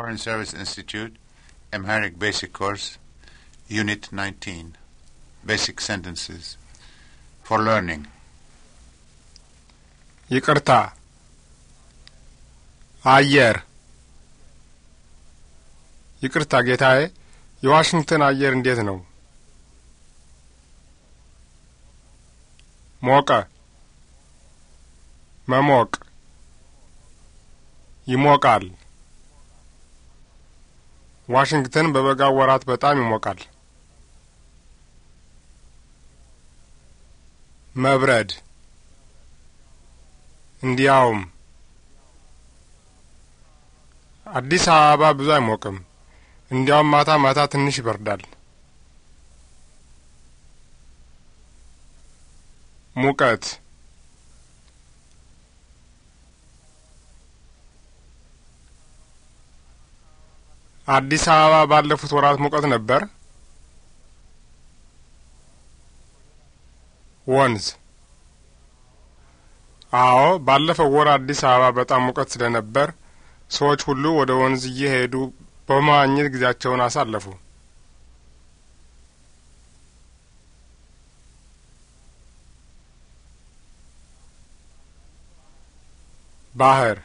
Foreign Service Institute, Amharic Basic Course, Unit 19, Basic Sentences for Learning. Yikarta. Ayer. Yikarta getae. Washington ayer in Dietano. Moka. Mamok. Yimokal. ዋሽንግተን በበጋ ወራት በጣም ይሞቃል። መብረድ እንዲያውም አዲስ አበባ ብዙ አይሞቅም። እንዲያውም ማታ ማታ ትንሽ ይበርዳል። ሙቀት አዲስ አበባ ባለፉት ወራት ሙቀት ነበር? ወንዝ አዎ፣ ባለፈው ወር አዲስ አበባ በጣም ሙቀት ስለነበር ሰዎች ሁሉ ወደ ወንዝ እየሄዱ በመዋኘት ጊዜያቸውን አሳለፉ። ባህር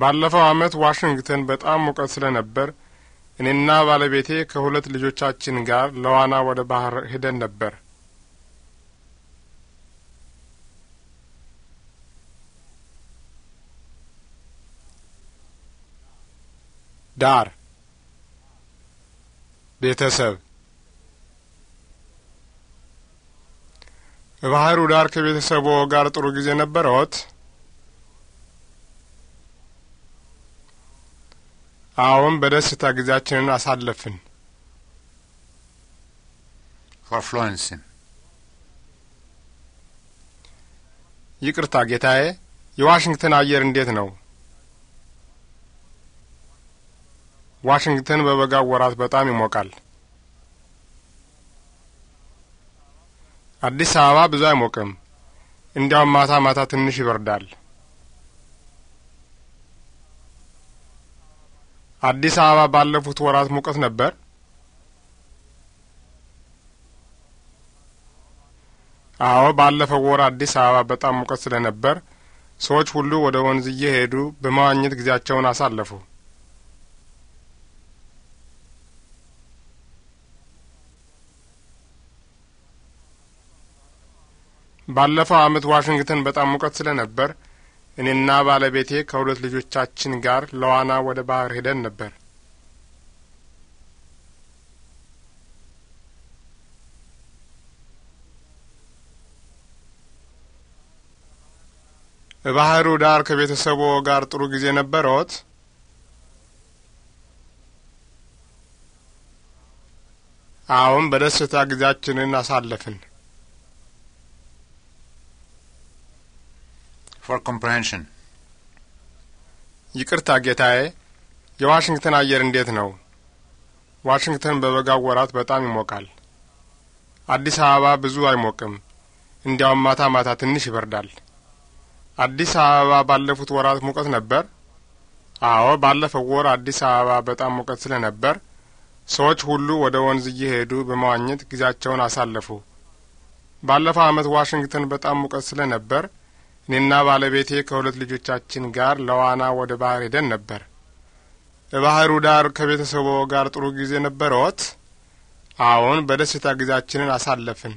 ባለፈው አመት ዋሽንግተን በጣም ሙቀት ስለነበር እኔና ባለቤቴ ከሁለት ልጆቻችን ጋር ለዋና ወደ ባህር ሄደን ነበር። ዳር ቤተሰብ ባህሩ ዳር ከቤተሰቦ ጋር ጥሩ ጊዜ ነበረዎት? አሁን በደስታ ጊዜያችንን አሳለፍን። ቨርፍሎንስን ይቅርታ ጌታዬ፣ የዋሽንግተን አየር እንዴት ነው? ዋሽንግተን በበጋው ወራት በጣም ይሞቃል። አዲስ አበባ ብዙ አይሞቅም። እንዲያውም ማታ ማታ ትንሽ ይበርዳል። አዲስ አበባ ባለፉት ወራት ሙቀት ነበር? አዎ፣ ባለፈው ወር አዲስ አበባ በጣም ሙቀት ስለነበር ሰዎች ሁሉ ወደ ወንዝ እየሄዱ በመዋኘት ጊዜያቸውን አሳለፉ። ባለፈው ዓመት ዋሽንግተን በጣም ሙቀት ስለነበር እኔና ባለቤቴ ከሁለት ልጆቻችን ጋር ለዋና ወደ ባህር ሄደን ነበር። በባህሩ ዳር ከቤተሰቦ ጋር ጥሩ ጊዜ ነበረዎት? አሁን በደስታ ጊዜያችንን አሳለፍን። for comprehension. ይቅርታ ጌታዬ፣ የዋሽንግተን አየር እንዴት ነው? ዋሽንግተን በበጋው ወራት በጣም ይሞቃል። አዲስ አበባ ብዙ አይሞቅም። እንዲያውም ማታ ማታ ትንሽ ይበርዳል። አዲስ አበባ ባለፉት ወራት ሙቀት ነበር? አዎ፣ ባለፈው ወር አዲስ አበባ በጣም ሙቀት ስለ ነበር። ሰዎች ሁሉ ወደ ወንዝ እየሄዱ በመዋኘት ጊዜያቸውን አሳለፉ። ባለፈው ዓመት ዋሽንግተን በጣም ሙቀት ስለ ነበር እኔና ባለቤቴ ከሁለት ልጆቻችን ጋር ለዋና ወደ ባህር ሄደን ነበር። በባህሩ ዳር ከቤተሰቦ ጋር ጥሩ ጊዜ ነበረዎት? አዎን፣ በደስታ ጊዜያችንን አሳለፍን።